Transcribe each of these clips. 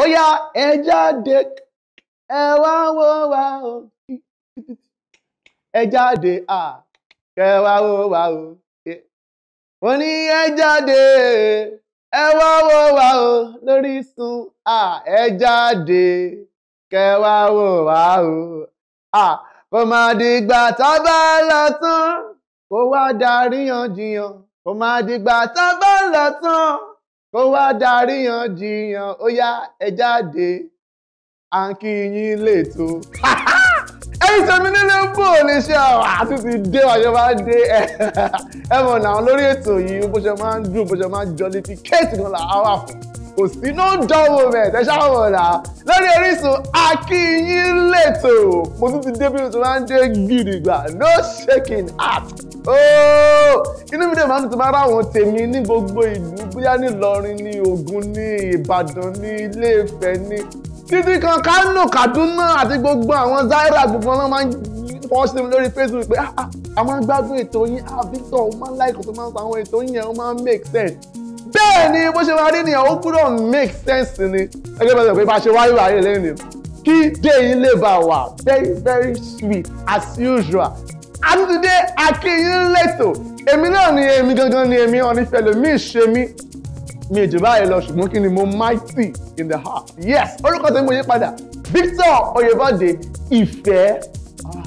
ó yá ẹ jáde ẹ wá wò wá o ẹ jáde ẹ wá wò wá o mo ní ẹ jáde ẹ wá wò wá o lórí sun à ẹ jáde kẹ wá wò wá o kò má dìgbà tá a bá lọ tán kó wá darí yan kò má dìgbà tá a bá lọ tán kó wá daríyan jiyàn ó yá ẹ jáde à ń kí yín létò. ẹyin tẹ̀mí nílé bò ní iṣẹ́ ọ̀rọ̀ àti ti dé ọ̀yọ́ máa dé ẹ mọ̀ náà lórí ètò yìí bó ṣe máa ń dùn bó ṣe máa ń jọ létí kéètì kan là á wà fún kò sí no dull moment ẹ ṣáà mọ̀ náà lórí Orísun akínyìn lẹ́tò mo tún ti débi tó máa ń dé gidi gbà no shaking up ooo inú mi dẹ̀ máa ń tún máa ráwọn tèmi ní gbogbo ìlú bóyá ní Ìlọrin ní Ògùn ní Ìbàdàn ní Ilé-Ifẹ̀ ní títí kan Kánò Kaduna àti gbogbo àwọn Zaria gbogbo wọn máa ń wọ́n ṣe mi lórí facebook pé ah, ah, a máa ń gbádùn ètò yín a ah, Victor ó máa ń láìkò tó máa ń sọ àwọn ètò yín yẹn ó máa ń make sense bẹ́ẹ̀ ni bó ṣe máa rí nìyẹn ó gbúdọ̀ make sense ni ẹgbẹ́ bẹ́ẹ̀ pé bá ṣe wáyé wáyé lẹ́yìn kí dé yín lè bá wà very very sweet as usual àti today akínyín lẹ́tọ̀ èmi náà ni èmi gangan ni èmi ọ̀nìfẹ̀lẹ̀ ṣe mí mi ìjì báyìí lọ ṣùgbọ́n kí ni mo mighty in the heart yes orúkọ tèmi mo yí padà Victor Oyèbọ̀dé ìfẹ́ ah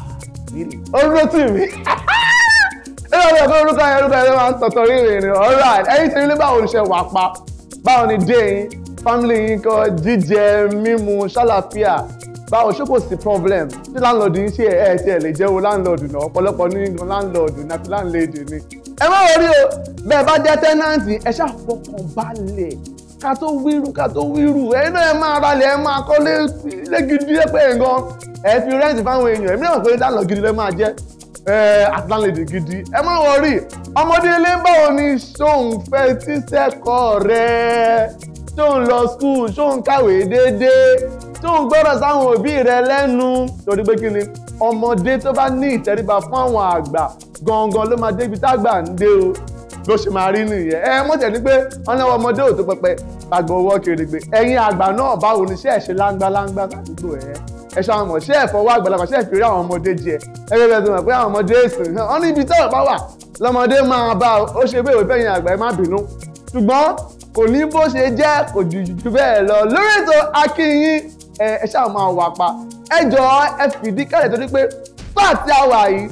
really orúkọ tì mí. ẹ lọ sọ pé orúkọ yẹn orúkọ yẹn máa ń tọ̀tọ̀ rí ìrìn alright ẹ̀yin ti nílé báwo ni ṣe wà pa báwo ni dé yín family yín kọ jíjẹ mímu ṣàlàfíà báwo ṣé kò sí problem ṣé landlord, yín ṣe ẹ̀ tiẹ̀ lè jẹ́wọ́ láńlọ́ọ̀dù náà ọ̀pọ̀lọpọ̀ ní láńlọ́ọ̀dù náà láńlẹ́dì ni. ẹ má wọrí o bẹ́ẹ̀ bá jẹ́ tẹ́nàntì ẹ ṣàfọkàn balẹ̀ ká tó wíru ká tó wíru ẹ̀yin náà ẹ máa ralẹ̀ ẹ máa kọ́ lé gidi lẹ́pẹ̀ẹ́ gan ẹ fi rẹ́ǹtì fáwọn èèyàn èmi náà àtìlánlẹ̀dì gidi ẹ má wọrí ọmọdé ilé ń báwo ni ṣóun fẹ́ tí sẹ́kọ̀ọ́ rẹ̀ ṣóun lọ skul ṣóun kàwé déédéé ṣóun gbọ́dọ̀ sáwọn òbí rẹ̀ lẹ́nu torí pé kí ni ọmọdé tó bá ní ìtẹríba fún àwọn àgbà gangan ló máa débi tágbà ń dé o ló ṣe máa rí nìyẹn ẹ mọ̀ tẹ̀ ní pé wọ́n náwó ọmọdé ò tó pẹpẹ tàgbọ̀ owó kèrègbè ẹ̀yin àgbà náà báwo ni iṣẹ́ ẹ̀ ṣe láńgbá láńgbá ládùúgbò ẹ̀ ẹ ṣáà mọ̀ ṣé ẹ̀fọ́ wá àgbàlagbà ṣé ẹ̀fì rí àwọn ọmọdé jẹ ẹgbẹ́ bẹ́ẹ̀ tó mọ̀ pé àwọn ọmọdé èsì hàn ọ́n níbi tọ́rọ̀ bá wà lọ́mọdé máa bá ó ṣe bẹ́ẹ̀ òfẹ́ yẹn àgbà ẹ má bínú ṣùgbọ́n kò ní bó ṣe jẹ́ kò jù jù bẹ́ẹ̀ lọ lórí ètò akínyìn ẹ ṣáà máa wà pa ẹ jọ ẹ fìdí kẹ́lẹ̀ torí pé táà tí a wà yìí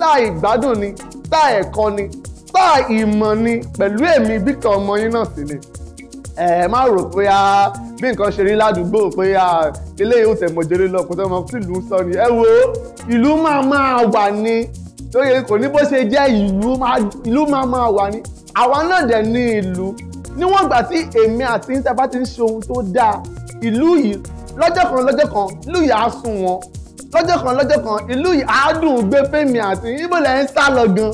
táà ìgbádùn ni táà ẹ̀kọ́ ni táà ìmọ̀ ni pẹ̀lú èmi Victor ọmọ yín náà sí ẹ má rò pé a bí nǹkan ṣe rí ládùúgbò pé a ilé yóò tẹ̀ mọ̀jẹ̀rẹ̀ lọ kò tẹ́ mọ̀ sí ìlú ń sọ ni ẹ wo ìlú máa máa wà ní lóye kò ní bó ṣe jẹ́ ìlú máa máa wà ní àwa náà dẹ̀ ní ìlú níwọ̀n ìgbà tí èmi àti yín tẹ́fà ti ń ṣe ohun tó dáa ìlú yìí lọ́jọ́ kan lọ́jọ́ kan ìlú yìí á sùn wọn lọ́jọ́ kan lọ́jọ́ kan ìlú yìí á dùn gbé fèmí àti ibo lẹ́ ń sá lọ gan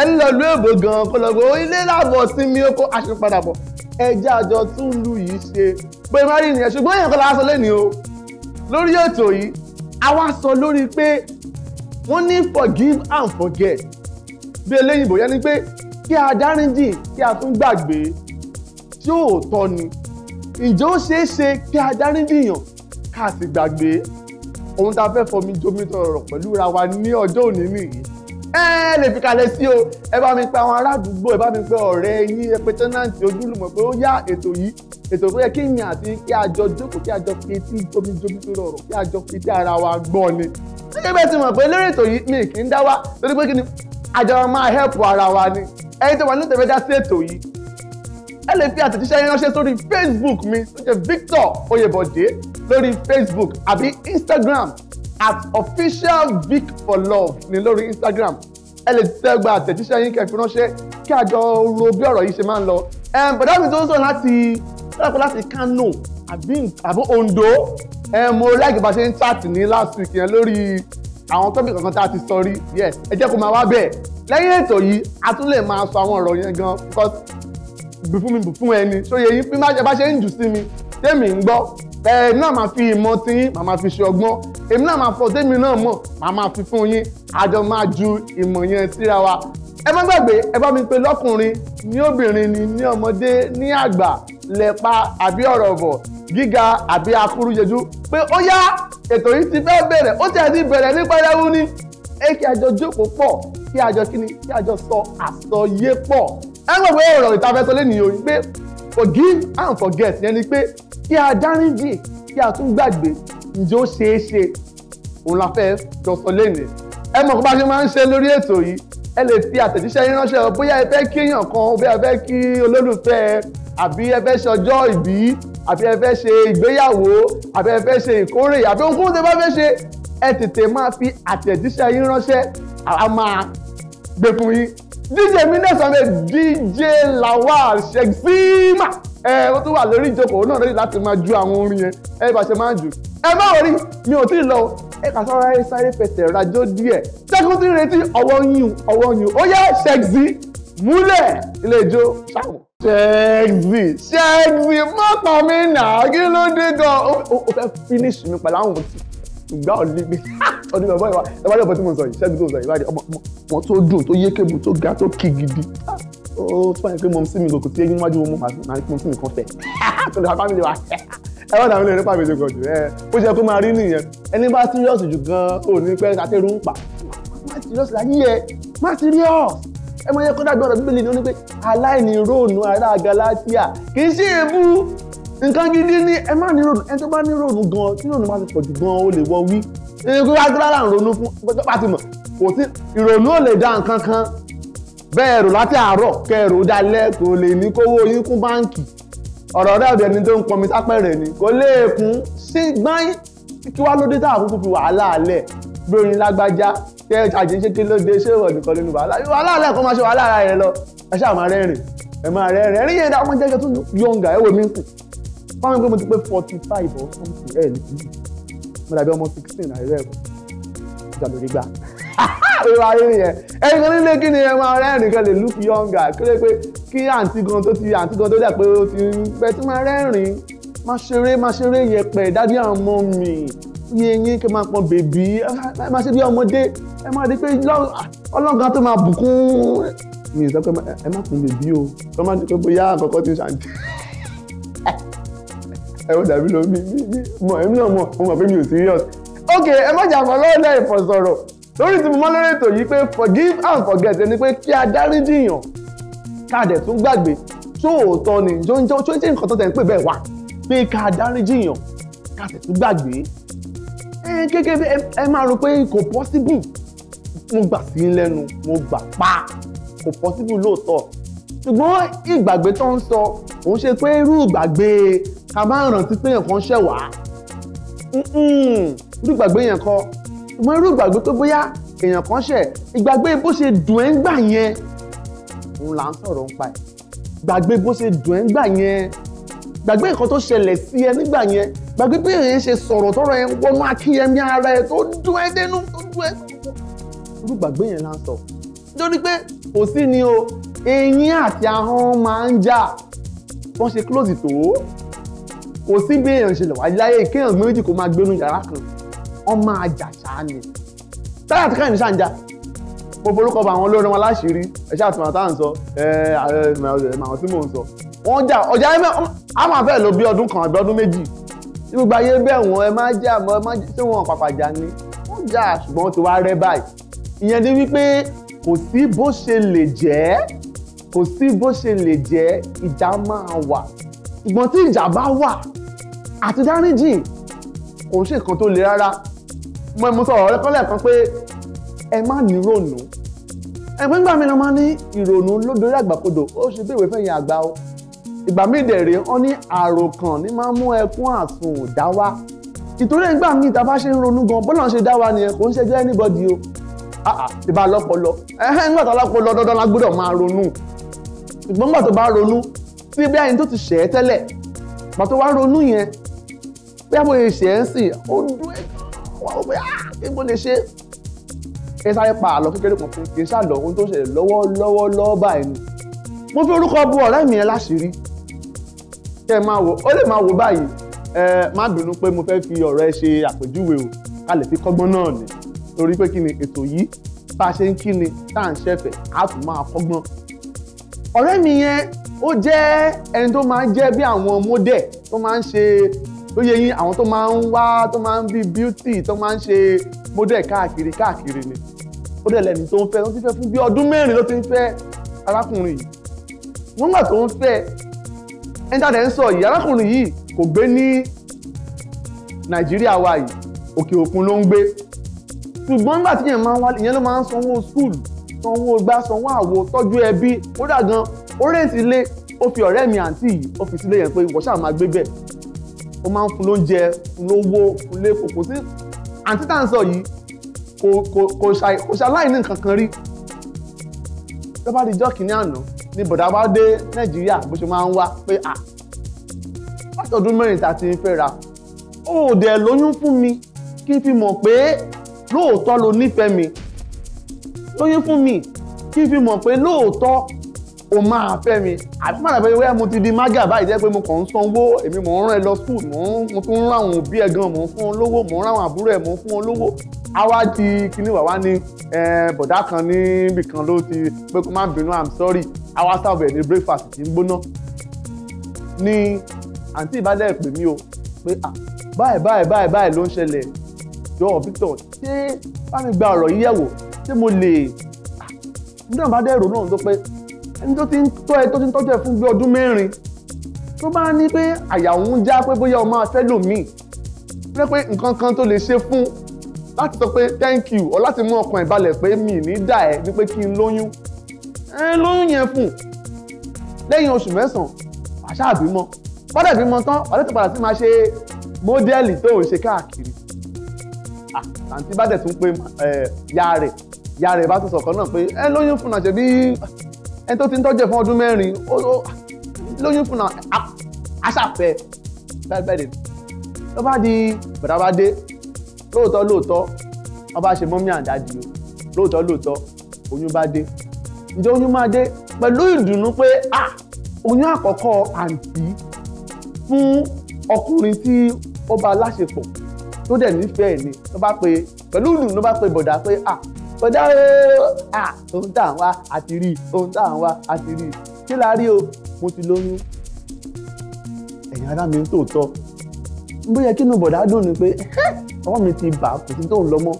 ẹni lọ lú èbò gan kó lọ gbọ́ ilé láàbọ̀ sí mi ó kó aṣọ padà bọ̀ ẹjẹ́ àjọ tún lu yìí ṣe pé mẹ́rin nìyẹn ṣùgbọ́n èèyàn kan la sọ lẹ́nu o lórí ètò yìí àwa sọ lórí pé wọ́n ní forgive and forget bí eléyìnbó yẹn ni pé kí a dáríjì kí a tún gbàgbé tí ò tọ́ ni ǹjẹ́ ó ṣeé ṣe kí a dáríjì yàn ká sì gbàgbé ohun tá a fẹ́ fọmi jomi tọrọ pẹ̀lú ra wa ní ọjọ́ òní nìyí ẹ lè fi kalẹ̀ sí o ẹ bá mi pe àwọn aládùúgbò ẹ bá mi pe ọ̀rẹ́ yín ẹ pe tẹ́nàntì ojúlùmọ̀ pé ó yá ètò yìí ètò tó yẹ kí yìn àti kí a jọ jókòó kí a jọ fi etí jomijomi tó rọrùn kí a jọ fi etí ara wa gbọ́ ni. gẹ́gẹ́ bẹ́ẹ̀ ti mọ̀ pé lórí ètò yìí mi kì í dá wá torí pé kí ni àjọ máa help ara wa ni ẹ̀yin tó wà ní tẹ̀fẹ́ dá sí ètò yìí. ẹ lè fi àtẹ̀jíṣẹ́ yín ránṣẹ́ sórí Facebook mi tó Victor Oyèbọ̀dé lórí Facebook àbí Instagram at official vic for love ni lórí Instagram ẹ lè tẹ́gbà àtẹ̀jíṣẹ́ yín kẹfì ránṣẹ́ kí àjọ ro bí ọ̀rọ̀ yìí ṣe máa ń lọ. bọ̀dá mi tó ń sọ̀rọ̀ láti lápẹ́ láti Kano àbí Ondo mo láìkí bá ṣe ń chat ní last week yẹn lórí àwọn tọ́pì kankan tá a ti sọ rí yes ẹ jẹ́ kó máa wá bẹ́ẹ̀ lẹ́yìn ètò yìí a tún lè máa sọ àwọn ọ̀rọ̀ yẹn gan because bí fún mi bí fún ẹni ṣóye yín bí bá ṣe ń jù sí mi tẹ́mi ń gbọ́ bẹ́ẹ̀ náà máa fi ìmọ̀ tí yín màá máa fi ṣe ọgbọ́n èmi náà máa fọ tèmi náà mọ̀ màá máa fi fún yín àjọ máa ju ìmọ̀ yẹn síra wa ẹ má gbàgbé ẹ bá mi pe lọ́kùnrin ní obìnrin ni ní ọmọdé ní àgbà lẹ́pa àbí ọ̀rọ̀ bọ̀ gíga àbí akúrúyẹjú pé ó yá ètò yìí ti fẹ́ bẹ̀rẹ̀ ó ti àti bẹ̀rẹ̀ ní pẹ́rẹ́wú ni ẹ kí àjọ jókòó pọ̀ kí àjọ kíni kí àjọ sọ àsọyé pọ̀ ẹ gbàgbé ọ̀rọ̀ ìtafẹ́sọ lẹ́nìí o pé forgive and forget yẹn ni pé kí a dáríjì kí a tún gbàgbé ǹjẹ́ ó ṣeé ṣe òun la fẹ́ jọ sọ lẹ́nu ẹ mọ̀ kó bá ṣe máa ń ṣe lórí ètò yìí ẹ lè fi àtẹ̀jíṣẹ́ yín ránṣẹ́ ọ bóyá ẹ fẹ́ kí èèyàn kan bóyá ẹ fẹ́ kí olólùfẹ́ àbí ẹ fẹ́ ṣe ọjọ́ ìbí àbí ẹ fẹ́ ṣe ìgbéyàwó àbí ẹ fẹ́ ṣe ìkórè àbí ohunkóhun tó bá fẹ́ ṣe ẹ tètè máa fi àtẹ̀jíṣẹ́ yín ránṣẹ́ àwa máa yín DJ mi náà sọ DJ Lawal Shexima ẹ ó tún wà lórí ìjókòó náà lórí láti máa ju àwọn orin yẹn ẹ bá ṣe máa ń jù ẹ má wọrí mi ò tí ì lọ ẹ kà sọ́ra ẹ sáré fẹsẹ̀ rajó díẹ̀ ṣẹ́kùn tí ń retí ọwọ́ yún ọwọ́ yún ó yẹ Shexi múlẹ̀ ilé ijó ṣáwọn. Shexi Shexi má pa mí nà kí ló dé gan-an ó fẹ́ finish mi pẹ̀lú àwọn òtí ìgbà òní mi ọdún bàbá ìwà ẹ bá dẹ̀ bọ́ tí mo sọ yìí ṣẹ́gun tó sọ yìí wáyé ọmọ wọn tó dùn tó yé kébù tó ga tó kì gidi ó tó báyìí pé mọ̀mísí mi kò tí eyín níwájú wọn mọ̀ máa mọ̀mísí mi kan fẹ̀ tó lè fa fámìlì wa ẹ wọ́n dàbí lè nípa mi ṣègùn jù ẹ ó ṣe kó máa rí nìyẹn ẹni bá serious jù gan ò ní pẹ́ àtẹ̀rù ń pa má serious láyé ẹ má serious ẹ máa yẹ kó dàgbé ọ̀rọ̀ bíbélì ni ó ní pé aláìní róònù ará Galatia kì í ṣe èébú nǹkan gidi ni ẹ má ní ròdù ẹni tó bá ní ròdù gan tí ròdù bá ti pọ̀jù gan ó lè wọ wí ẹni tó yára lára ń ronú fún ọjọ́ bá ti mọ̀ kò sí ìrònú ò lè dá nǹkan kan bẹ́ẹ̀ rò láti àárọ̀ kẹrò dalẹ̀ kò lè ní kówó yín kún báǹkì ọ̀rọ̀ rẹ̀ ọ̀dẹ̀ ni tó ń pọnmi sápẹ̀rẹ̀ ni kò lè kún sí gbáyìn kí wá lóde tá àkókò fi wàhálà alẹ̀ lórí lágbájá tẹ àjẹ ṣe kí lóde ṣé ìwọ nìkan lónìí wàhálà wàhálà alẹ̀ kó máa ṣe wàhálà ara rẹ lọ ẹ ṣáà máa rẹ́rìn ẹ máa rẹ́rìn ẹ̀rín yẹn dáwọn jẹ́jẹ́ tó yọǹgà ẹ wò mí kù wọ́n ń gbé mo ti pé forty five or something ẹ̀ ní ìlú mo dàbí ọmọ sixteen àìrẹ́ ẹ̀kọ́ ìjàlórí gbà ìwà rí nìyẹn ẹ̀yin kan nílé kí ni ẹ máa rẹ́rìn lè look younger kí ló pé kí àǹtí gan tó ti àǹtí gan tó dà pé ó ti ń pẹ́ tí máa rẹ́rìn máa ṣeré máa ṣeré yẹpẹ̀ dádì àwọn ọmọ mi yín eyín kí máa pọn bèbí ẹ máa ṣe bí ọmọdé ẹ máa di pé ọlọ́gàn tó máa bùkún mi ìsọ pé ẹ má pọn bèbí o kọ́ máa bóyá àkọ́kọ́ ti ṣàǹtí. ẹ ó dàbí lọ mi mi mọ èmi náà mọ mo mọ pé mi ò serious. ok ẹ má jà fọlọ́ ọ̀dà ìfọ̀sọ̀rọ̀ lórí tí mo mọ́ lórí ètò yìí pé forgive and forget ẹni pé kí a dáríjìyàn ká dẹ̀ tún gbàgbé sóòótọ́ ni jọ́njọ́ tó ń ṣe nǹkan tó tẹ̀ ń pè bẹ́ẹ̀ wá pé ká dáríjìyàn ká dẹ̀ tún gbàgbé kékeré ẹ máa rò pé kò possible mo gbà sí lẹ́nu mo gbà pa kò possible lóòótọ́ ṣùgbọ́n ìgbàgbé tó ń sọ òun ṣe pé irú ìgbàgbé ká bá rántí pé èèyàn kan ṣẹ̀ wá irú ìgbàgbé yẹn kọ́ ìmọ̀ irú ìgbàgbé tó bóyá èèyàn kan ṣẹ̀ ìgbàgbé bó ṣe dùn ẹ́ ń gbà yẹn òun là ń sọ̀rọ̀ ń pa ẹ̀ gbàgbé bó ṣe dùn ẹ́ ń gbà yẹn gbàgbé nǹkan tó ṣẹlẹ̀ sí ẹ nígbà yẹn gbàgbé bí èèyàn ṣe sọ̀rọ̀ tọrọ ẹ wọnú akínyẹmí ara ẹ tó dùn ẹ dénú tó dùn ẹ irú ìgbàgbé yẹn là ń sọ nítorí pé kò sí ni o eyín àti ahọ́n máa ń jà wọ́n ṣe close tó kò sí bí èèyàn ṣe lè wá láyé kéèyàn méjì kó máa gbénu yàrá kan wọ́n máa jà ṣáá ni táyà tí káyọ̀ ní ṣàǹjà mo forúkọ bá àwọn olórin wọn láṣìírí ẹṣẹ àtìmọ̀ táwọn sọ ẹ àwọn tí mò ń sọ wọ́n jà ọjà ẹ mẹ àwọn afẹ́ ló bí ọdún kan àbí ọdún méjì ní gbogbo ayé bẹ́ẹ̀ wọ́n ẹ má jà mọ́ ẹ má jà sí wọn pàpà jà ni wọ́n jà ṣùgbọ́n wọ́n ti wá rẹ́ báyìí ìyẹn ni wípé kò sí bó ṣe lè jẹ́ kò sí bó ṣe lè jẹ́ ìjà máa wà ṣùgbọ́n tí ìjà bá wà àti dáríjì kò ń ṣe nǹkan tó le rárá mo mo sọ ọ̀rọ̀ kan lẹ́ẹ̀kan pé ẹ má ní ìrònú ẹgbẹ́ ńgbà mi ni wọ́n ní ìrònú lódórí àgbàkodò ó ṣe bí ìwé fẹ̀yìn àgbà o ìgbà míì dẹ̀rẹ̀ wọ́n ní àròkàn ní máa ń mú ẹkún àsùn dá wá ìtorí ìgbà míì tá a bá ṣe ń ronú gan bọ́lá ń ṣe dá wa nìyẹn kò ń ṣe jẹ́ anybody o ìbá lọ́pọlọ ẹ̀hẹ́ ńgbà tó lọ́pọlọ dandan la gbọ́dọ̀ máa ronú ìgbọ́ngbà tó bá ronú sí bí ẹni tó ti ṣẹ̀ tẹ́lẹ̀ gbà tó ronú yẹn bí àwọn èsì ẹ̀ ń sìn ó dún ẹ̀ wọ́n ó pé ah kí mo lè ṣe ẹ sáré pa àlọ́ kékeré kan fún kì í ṣàlọ́ ohun tó ṣẹlẹ̀ lọ́wọ́ lọ́wọ́ lọ́wọ́ báyìí ni mo fi orúkọ bu ọ̀rẹ́ mi yẹn láṣìírí kẹ́ ẹ máa wò ó lè máa wò báyìí ẹ má bínú pé mo fẹ́ fi ọ̀rọ̀ ẹ ṣe àpèjúwe o ká lè fi kọ́gbọ́n náà ni torí pé kí ni ètò yìí bá a ṣe ń kí ni tá à ń ṣẹ̀fẹ̀ á tún máa kọ́gbọ́n ọ̀rẹ́ mi yẹn ó jẹ́ ẹni tó máa ń jẹ́ bí àwọn mọ́dẹ̀ tó máa ń ṣe ó yẹ yín àwọn tó máa ń wá tó máa ń bí beauty tó máa ń ṣe model káàkiri káàkiri ni ó dẹ̀ lẹ́ni tó ń fẹ́ tó ti fẹ́ fún bí ọdún mẹ́rin ló ti ń fẹ́ arákùnrin yìí wọ́n gbà tó ń fẹ́ ẹ̀ńtàdẹ̀ ń sọ yìí arákùnrin yìí kò gbé ní nàìjíríà wa yìí òkè òkun ló ń gbé ṣùgbọ́n nígbà tí yẹn máa ń wálé ìyẹn ló máa ń sanwó skul sanwó gbá sanwó àwo tọ́jú ẹbí ó dà gan ó rèǹtì ilé ó fi ọ̀rẹ́ mi àǹtí yìí ó fi sílé yẹn pé ìwọ ṣáà máa gbé bẹ́ẹ̀ ó máa ń fún lóúnjẹ fún lówó fún lé kòkó sí àǹtí tá à ń sọ yìí kò kò kò ṣàláì nǹkan kan rí tó jọ́ọ̀kì ní àná ni bọ̀dá bá dé nàìjíríà bó ṣe máa ń wá pé à látọ̀dún mẹ́rin tá a ti ń fẹ́ ra ó dẹ̀ lóyún fún mi kí n fi mọ̀ pé lóòótọ́ lo nífẹ̀ẹ́ mi lóyún fún mi kí n fi mọ̀ pé lóòótọ́ o máa fẹ́ mi àbí màdà pé wẹ́ẹ́ mo ti di mágà báyìí jẹ́ pé mo kàn ń sanwó èmi mò ń rán ẹ lọ skul mo tún ń rán àwọn òbí ẹ gan mò ń fún wọn lówó mò ń rán àwọn àbúrò ẹ mò ń fún wọn lówó àwa di kíní wàwá ní bọ̀dá kan níbì kan ló ti pé kó má bínú i'm sorry àwa sábẹ̀ ní breakfast ti ń gbóná ní àǹtí ìbálẹ̀ pè mí o pé báyìí báyìí báyìí báyìí ló ń ṣẹlẹ̀ jọ̀ọ́ Victor ṣé bá mi gba ọ̀rọ̀ yíyẹ̀wò ṣé mo lè nígbà bá dẹ̀ rò náà tó pé ẹni tó ti ń tọ́ ẹ tó ti ń tọ́jú ẹ fún bí ọdún mẹ́rin tó bá ní pé àyà òun já pé bóyá o máa fẹ́ lòmíì pé pé nǹkan kan tó lè ṣe fún láti sọ pé thank you ọ láti mú ọkàn ìbalẹ̀ pé mi ní dà ẹ́ ní pé kí n lóyún ẹ lóyún yẹn fún lẹ́yìn oṣù mẹ́sàn-án àṣà àbímọ padà bímọ tán wàá tètè padà sí máa ṣe mọ́dẹ́ẹ̀lì tó ń ṣe káàkiri àǹtí bá dẹ̀ tún pé ya rẹ̀ ya rẹ̀ bá tún sọ̀kan náà pé ẹ lóyún fún àṣẹ bí ẹni tó ti ń tọ́jú ẹ̀ fún ọdún mẹ́rin lóyún fún náà aṣàfẹ́ bẹ́ẹ̀ ló bá di bàtà bá dé lóòótọ́ lóòótọ́ wọ́n bá ṣe mọ́mí àdájì o lóòótọ́ lóòótọ́ oyún bá dé ǹjẹ́ oyún máa dé pẹ̀lú ìdùnnú pé ah oyún àkọ́kọ́ àǹtí fún ọkùnrin tí ó bá láṣepọ̀ tó dẹ̀ nífẹ̀ẹ́ ni tó bá pe pẹ̀lú ìdùnnú ló bá pe bọ̀dá pé ah kọjá ooo à ohun tá à ń wá àti rí ohun tá à ń wá àti rí kí la rí o mo ti lóyún ẹ̀yin ará mi ń tòótọ́ bóyá kí inú bọ̀dá dùn ni pé ọwọ́ mi ti bà kò sí tóun lọ́mọ́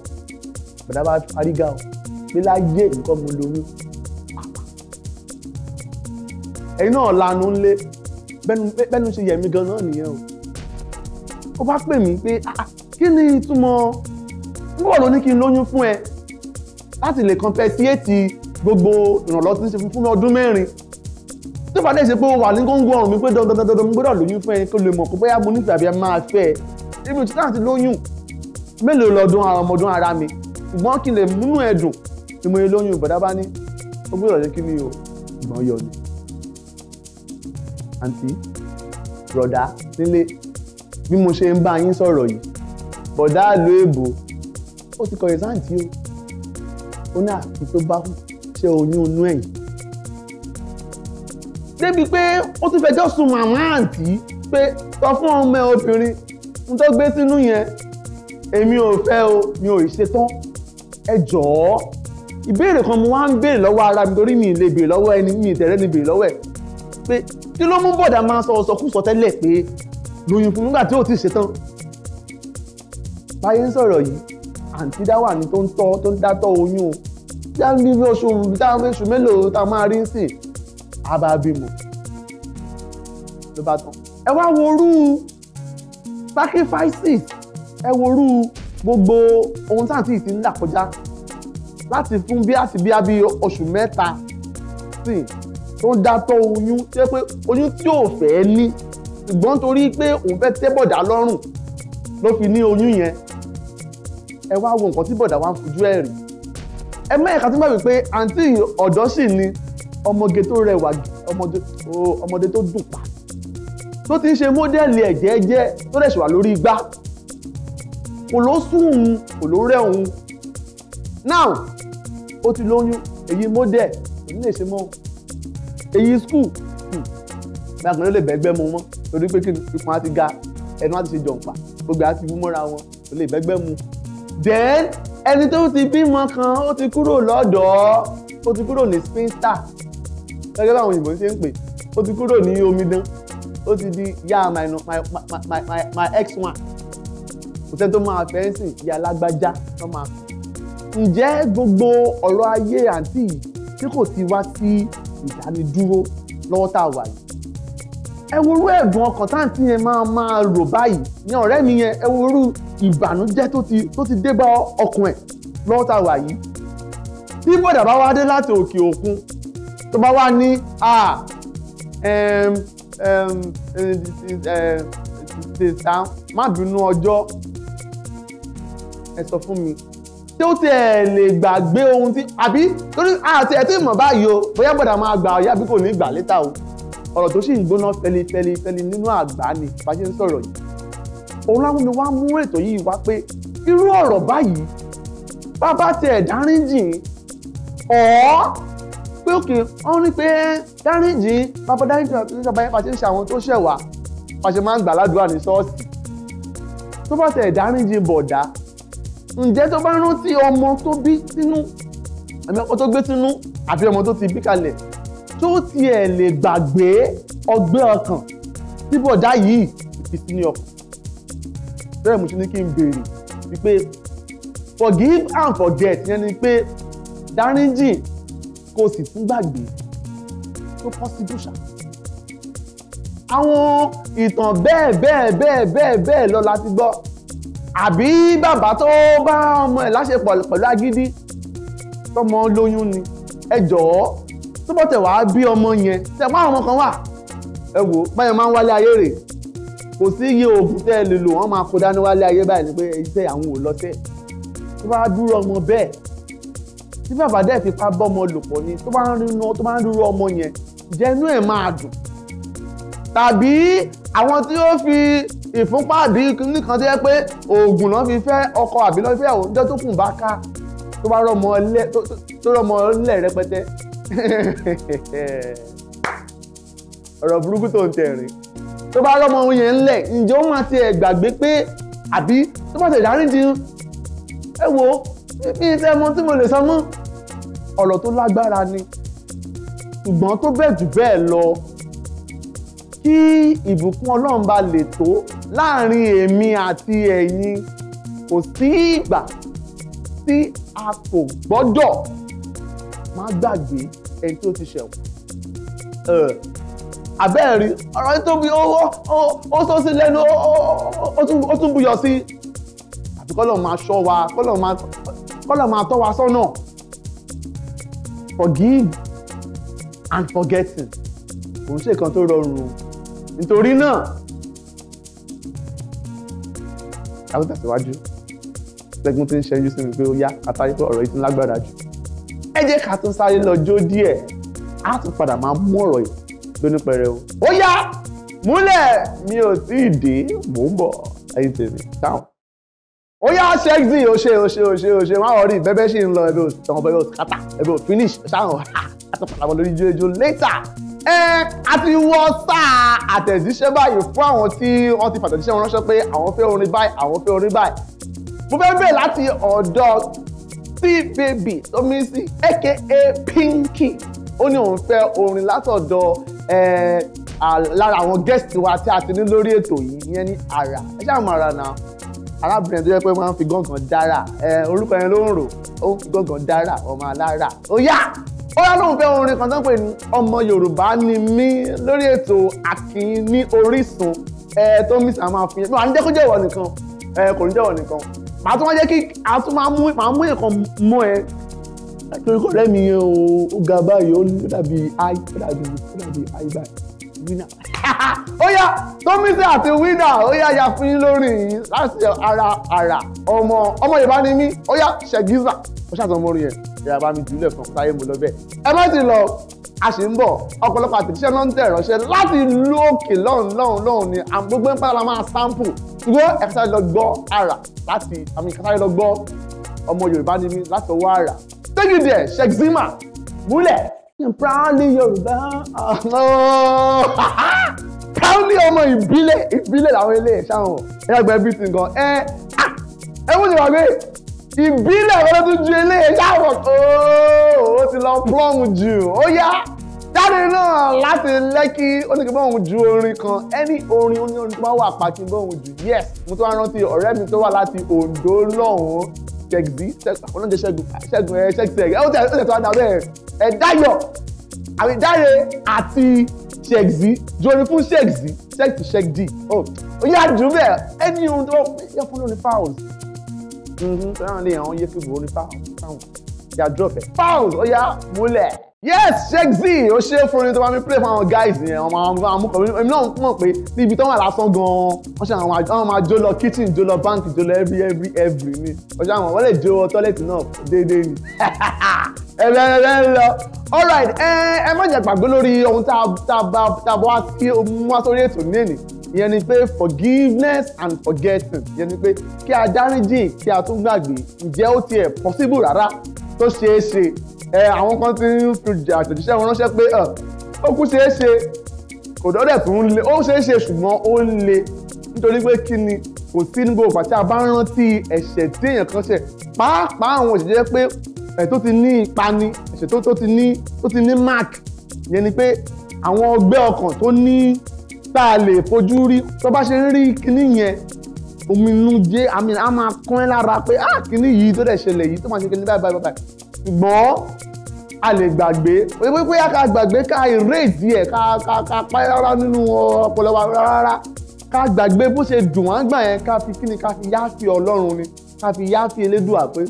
bọ̀dá bá fárígà o pé láyé nǹkan mo lóyún ẹ̀yin náà lanu ńlé bẹ́nu ṣe yẹ̀mí gan-an nìyẹn o ó bá pè mí pé ah, ah, kí ni ìtumọ̀ ń bọ̀ ló ní kí n lóyún fún ẹ láti lè compensate gbogbo ìrànlọ́wọ́ tí ń ṣe fún ọdún mẹ́rin tó bá dẹ̀ ṣe pé wà ní góńgó ọ̀rùn mi pé dandandandan mo gbọ́dọ̀ lóyún fún ẹ kó lè mọ̀ pé bóyá mo nífẹ̀ẹ́ àbí ẹ máa fẹ́ ẹ ibi òtítà àti lóyún mélòó lọ́dún ara ọmọdún ara mi ṣùgbọ́n kí n lè múnú ẹ dùn mo yẹ lóyún ìbọ̀dá bá ní ó gbọ́dọ̀ ní kí ni o ìgbọ̀n yọ ni. àǹtí bọ̀dá nílé bí mo ṣe ń bá yín sọ̀rọ̀ yìí bọ̀dá àlọ́ èbò ó ti kọ ó ní àfi tó bá ṣe oyún inú ẹ̀yìn. débi pé ó tún fẹjọ́ sùn màmá àǹtí pé sọ fún ọmọ obìnrin n tó gbé sínú yẹn èmi ò fẹ́ o mi ò ṣetán ẹ jọ̀ọ́ ìbéèrè kan mo wá ń béèrè lọ́wọ́ ara mi torí mi ì lè béèrè lọ́wọ́ ẹni mi ì tẹ̀rẹ́ ni béèrè lọ́wọ́ ẹ̀ pé kí ló mú bọ̀dà máa sọ ọ̀sọ̀kúsọ tẹ́lẹ̀ pé lóyún fún nígbà tí ò ti ṣetán báyé ń sọ̀rọ̀ yìí àǹtí dáwà ni tó ń tọ́ tó ń dátọ́ oyún o bí a ń bí oṣù tá a fi oṣù mélòó tá a máa rí sí a bá bímọ ló bá tán ẹ wá worú sacrifices ẹ worú gbogbo ohun tí àǹtí yìí ti ń là kọjá láti fún bí àti bí a bí oṣù mẹ́ta sí tó ń dátọ́ oyún tí ó pé oyún tí ò fẹ́ ní ṣùgbọ́n torí pé òun fẹ́ tẹ́bọ̀dá lọ́rùn ló fi ní oyún yẹn ẹ wá wo nǹkan tí bọ̀dà wa ń fojú ẹ̀ rí ẹ mẹ́yìn kan tí wọ́n wí pé àǹtí ọ̀dọ́ sì ni ọmọge tó rẹwà ọmọdé tó dùn pa tó ti ń ṣe mọ́dẹ́ẹ̀lì ẹ̀jẹ̀ẹ́jẹ́ tó dẹ̀ ṣùwà lórí igbá kò ló sún òun kò ló rẹ̀ òun now ó ti lóyún èyí mọ́dẹ̀ èyí lè ṣe mọ́ èyí skul bákan ló lè bẹ́gbẹ́ mu mọ́ torí pé kí ikùn á ti ga ẹnu á ti ṣe jọ̀ǹpa gbogbo á ti mú mọ́ra wọn kò lè bẹ́gbẹ́ mu then ẹni tó ti bímọ kan ó ti kúrò lọ́dọ̀ ó ti kúrò ní spinster gẹ́gẹ́ báwọn òyìnbó ṣe ń pè ó ti kúrò ní omidan ó ti di yá my my my my my ex one kò sẹ́ni tó máa fẹ́ sìn ìyá alágbájá tó máa fún. ǹjẹ́ gbogbo ọ̀rọ̀ ayé àǹtí yìí tí kò ti wá sí ìdánidúró lọ́wọ́ tá a wà yìí ẹ worú ẹ̀gbọ́n ọkàn táǹtì yẹn máa máa rò báyìí ní ọ̀rẹ́ mi yẹn ẹ worú ìbànújẹ́ tó ti tó ti dé bá ọkàn ẹ̀ lọ́wọ́ tá a wà yìí tí bọ̀dà bá wá dé láti òkè òkun tó bá wá ní à tètà má bínú ọjọ́ ẹ sọ fún mi tí ó tẹ̀ lè gbàgbé ohun tí àbí torí àti ẹ̀ tó ìmọ̀ báyìí o bóyá bọ̀dà máa gbà ọ̀ yá bí kò ní gbà létà o ọ̀rọ̀ tó sì ń gbóná fẹlifẹlifẹli nínú àgbá ni bá ń sọ̀rọ̀ yìí òun láwọn mi wá mú ètò yìí wá pé irú ọ̀rọ̀ báyìí bàbá tiẹ̀ dáríjì ọ̀ pé òkè wọ́n ní pé dáríjì bàbá dáríjì bàbá yẹn pàṣẹ ń ṣe àwọn tó ṣẹ̀ wá máa ń gbà ládùúrà ní ṣọ́ọ̀ṣì tó bá tiẹ̀ dáríjì bọ̀dá ǹjẹ́ tó bá rántí ọmọ tó bí sínú àmì ọkọ tó gbé sínú àbí ọmọ tó ti bí kalẹ̀ tó tiẹ̀ lè gbàgbé ọgbẹ́ ọkàn tí bọ̀dá yìí fi sí ní ọkàn bẹ́ẹ̀ mo ṣe ní kí n béèrè wípé forgive and forget yẹn ni pé dáríjì kò sì tún gbàgbé tó possible ṣá. àwọn ìtàn bẹ́ẹ̀ bẹ́ẹ̀ bẹ́ẹ̀ bẹ́ẹ̀ bẹ́ẹ̀ lọ la ti gbọ́ àbí bàbá tó bá ọmọ ẹ̀ láṣepọ̀ pẹ̀lú agídí tọmọ lóyún ni ẹ jọ̀ọ́ tó bọ́ tẹ̀ wàá bí ọmọ yẹn tẹ̀ wá ọmọ kan wà ẹ wò báyọ̀ máa ń wálé ayé rè kò sí iye oògùn tẹ́ ẹ lè lò wọ́n máa kó dání wálé ayé báyìí ni pé iṣẹ́ àwọn ò lọ tẹ́ tó bá dúró ọmọ bẹ́ẹ̀ tí bàbá dẹ̀ fipá bọ́mọ lò pọ̀ ni tó bá ń rinú tó bá ń dúró ọmọ yẹn jẹnu ẹ̀ máa dùn tàbí àwọn tí ó fi ìfúnpá àbí nìkan tó yẹ pé oògùn náà fi fẹ́ ọkọ àbí lọ́ọ́ fi fẹ́ àwọn ọjọ́ tó kùn bá ká tó bá rọmọ lẹ̀ rẹpẹtẹ ọ̀rọ̀ burúkú tó ń tẹ̀rín tó bá rọ́mọ ohun yẹn ńlẹ̀ ǹjẹ́ ó máa tiẹ̀ gbàgbé pé àbí tó bá tẹ̀ dáríjì ẹ wo bí iṣẹ́ ọmọ tí mo lè sọ mọ́ ọ̀rọ̀ tó lágbára ni ṣùgbọ́n tó bẹ́ẹ̀ jù bẹ́ẹ̀ lọ kí ìbùkún ọlọ́run bá lè tó láàrin èmi àti ẹ̀yin kò sí ìgbà tí a kò gbọ́dọ̀ má gbàgbé ẹni tó ti ṣẹ̀wọ̀n àbẹ́ẹ̀rí ọ̀rọ̀ yìí tó bí ó sọ sí lẹ́nu ó tún buyọ̀ sí àti kọ́lọ̀ máa ṣọ́ wa kọ́lọ̀ máa tọ́ wa sọ́nà forgive and forgetting kò ń ṣe nǹkan tó rọrùn o nítorí náà ká ló tẹ̀síwájú ṣẹ́gun ti ń ṣẹ́jú sí mi pé ó yá àtàyè ọ̀rọ̀ yìí ti lágbára jù ẹ jẹ́ ká tún sáré lọ́jọ́ díẹ̀ á tún padà máa mú ọ̀rọ̀ yìí lóní pẹrẹu ó yá múlẹ̀ mi ò tí ì dé mò ń bọ̀ ẹ̀yin tèmi táwọn ó yá sexy ó ṣe ó ṣe ó ṣe ó ṣe má wọrí bẹ́bẹ́ ṣì ń lọ ẹbí ò tán bẹ́ẹ̀ ò kátà ẹbí ò finish ṣáwọn àtọ̀pàlàbọ̀ lórí jójo later ẹ a ti wọ sáà àtẹ̀jíṣẹ́ báyìí fún àwọn tí wọ́n ti fàtẹ̀jíṣẹ́ wọn ránṣẹ́ pé àwọn fẹ́ orin báyìí àwọn fẹ́ orin báyìí mo fẹ́ bẹ̀rẹ̀ láti ọ̀dọ̀ P-Baby tó mí aka Pinky ó ní òun fẹ́ orin látọ̀dọ̀ lára àwọn guest wa tí a ti ní lórí ètò yìí ìyẹn ní àrà ẹ ṣáà mọ àrà náà arábìnrin tó yẹ pé máa ń fi gángan dára orúkọ yẹn ló ń rò ó ń fi gángan dára ọmọ alára ó yá ó yá lóun fẹ́ orin kan tó ń pè ní ọmọ Yorùbá ni mí lórí ètò Àkíìyín ní Orísun tó ń fi yẹn à ń jẹ́ kó jẹ́ ìwọ nìkan kò ní jẹ́ ìwọ nìkan màá tún wá jẹ́ kí a tún máa mú màá mú nǹkan mọ́ ẹ torí kò rẹ́mi yẹn o ó ga báyìí ó dàbí i ó dàbí ó dàbí i báyìí wínà. ó yá tómísì àti wínà ó yá ya fún yín lórí yín láti ara àrà ọmọ ọmọ Yorùbá ni mí ó yá ṣẹ̀gísà ó ṣàtọ̀ ọmọ yẹn ìyá bá mi jùlẹ̀ kan sáyé mo lọ bẹ́ẹ̀. ẹ má ti lọ a sì ń bọ̀ ọ̀pọ̀lọpọ̀ àtẹ̀jíṣẹ́ náà ń tẹ̀ ránṣẹ́ láti ìlú òkè lọ́hùn lọ́hùn lọ́hùn ni àgbógbé ń padà máa sáǹpù ṣùgbọ́n ẹ lọ gbọ́ àrà láti àmì kásáré lọ gbọ́ ọmọ Yorùbá ni mí láti ọwọ́ àrà. take it Sheikh Zima múlẹ̀ proudly Yorùbá proudly ọmọ ìbílẹ̀ ìbílẹ̀ làwọn eléyìí ṣáwọn ẹgbẹ́ bíi ti gan ẹ ah, ẹ wọ́n ti wà gbé ìbílẹ̀ ọ̀rọ̀ tún ju eléyìí ṣáàpọ̀ tó ó ti lọ plọ́mù jù ó yá jáde náà láti lẹ́kí ó ní kí bá òun ju orin kan ẹni orin oní orin tó bá wà pàtí bá òun jù yes mo tún wá rántí ọ̀rẹ́ mi tó wà láti Ondo lọ́hùn-ún ṣẹ́gìdì ṣẹ́gùn ọlọ́dẹ ṣẹ́gùn ṣẹ́gùn ẹ ṣẹ́gìdì ẹ ó tẹ̀ tó wá dà bẹ́ẹ̀ ẹ dáyọ̀ àmì dáyẹ àti ṣẹ́gìdì jorin fún ṣẹ́gìdì ṣẹ́gìdì ṣẹ́gìdì ó yá jù bẹ́ẹ̀ ẹni ohun tó yẹ fún lónìí fáwọn Mm-hmm. fẹ́ràn lè àwọn yéfì gbòòrò ní pound ya drop ẹ̀ pound ó yá múlẹ̀. yes Sheikh Z ó ṣe é fún mi tó bá mi play fún àwọn guys yẹn ọmọ àwọn amúkọ èmi náà mọ̀ pé ní ibi tó wà lásán gan-an wọ́n ṣe àwọn àwọn máa jó lọ kitchen jó lọ bank jó lọ every every every ni wọ́n ṣe àwọn wọ́n lè jó toilet náà déédéé ni ẹ̀rẹ̀rẹ̀ ń lọ. alright ẹ ẹ má jẹ́ gbàgbé lórí ohun tá a bá wá sí mú wá sórí ètò ní ènìyàn ìyẹn ni pé forgiveness and forgetting ìyẹn ni pé kí a dáríjì kí a tún gbàgbé ǹjẹ́ ó tiẹ̀ possible rárá tó ṣeé ṣe ẹ àwọn kan ti ń fi àtẹ̀jíṣẹ́ wọn ránṣẹ́ pé ó kú ṣeé ṣe kò dọ́dẹ̀ tó ń le ó ṣeé ṣe ṣùgbọ́n ó ń le nítorí pé kí ni kò sí ní gbogbo àti àbá ń rántí ẹ̀ṣẹ̀ tí èèyàn kan ṣẹ̀ pàápàá àwọn òṣìṣẹ́ pé ẹ̀ tó ti ní ipa ni ẹ̀ṣẹ̀ tó ti ní mark ìyẹn ni pé àwọn ọgbẹ́ ọkàn tó ní tá a lè fojú rí tó bá ṣe ń rí kinní yẹn òmìnújẹ àmì á máa kán ẹ lára pé á ah, kinní yìí tó dẹ̀ ṣẹlẹ̀ yìí tó máa ṣe kinní báyìí báyìí báyìí ṣùgbọ́n a lè gbàgbé òye pé ká gbàgbé ká ìrèdí ẹ̀ ká ká ká pa ẹ́ rárá nínú ọpọlọ wa rárá ká gbàgbé bó ṣe dùn wá gbà yẹn ká fi kíni ká fi yá sí ọlọ́run ni ká fi yá sí elédùà pé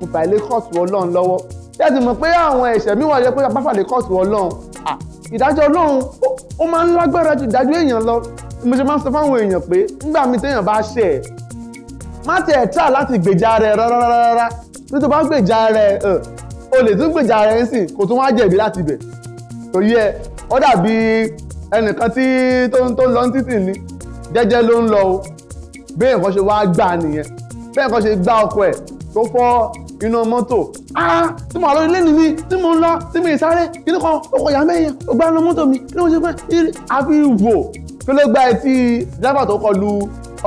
mo fà ilé kóòtù ọlọ́run lọ́wọ́ ṣé mọ̀ pé àwọn ẹ̀ṣẹ̀ mi wà yẹ pé bá fà lè kóòtù ìdájọ́ ọlọ́run ó máa ń lágbára ju ìdájọ́ èèyàn lọ mo ṣe máa ń sọ fáwọn èèyàn pé nígbà míì téèyàn bá ṣẹ̀ má tẹ̀ ẹ̀ tíra láti gbèjà rẹ̀ rárá nítorí bá gbèjà rẹ̀ o lè tún gbèjà rẹ̀ ń sìn kò tún wá jẹ̀bi láti bẹ̀ tó yẹ ọ dàbí ẹnìkan tí tó ń lọ títì ni jẹ́jẹ́ ló ń lọ o bí nǹkan ṣe wá gbà nìyẹn bí nǹkan ṣe gbá ọkọ ẹ̀ tó fọ́ iná mọ́tò ah tí mo àlọ́ ilé ni mi tí mo ń lọ tí mi ìsáré kíní kan ọkọ̀ ìyá mẹ́yìn ọgbà iná mọ́tò mi kíní mo ṣe fẹ́ àfi wò kí ló gba etí dábàá tó kọ lu